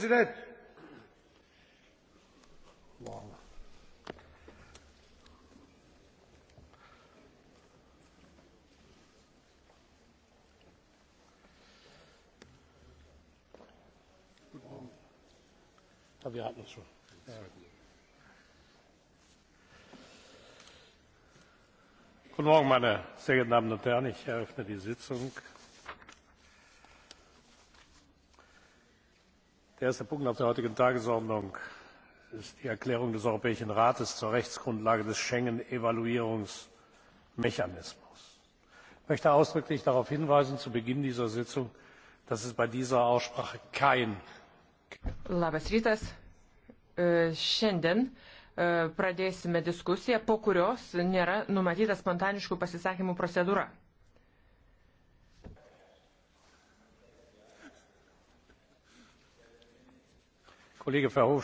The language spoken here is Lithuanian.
President. Wow. Ja, wir hatten es schon. Ja. Guten Morgen, meine sehr geehrten Damen und Herren. Ich eröffne die Sitzung. der erste punkt auf der heutigen tagesordnung ist die erklärung des europäischen rates zur rechtsgrundlage des schengen evaluierungsmechanismus. ich möchte ausdrücklich darauf hinweisen zu beginn dieser sitzung dass es bei dieser aussprache kein labas rytas äh, šiandien äh, pradėsime diskusiją po kurios nėra numatyta spontaniškų pasisakymų procedūra. kollege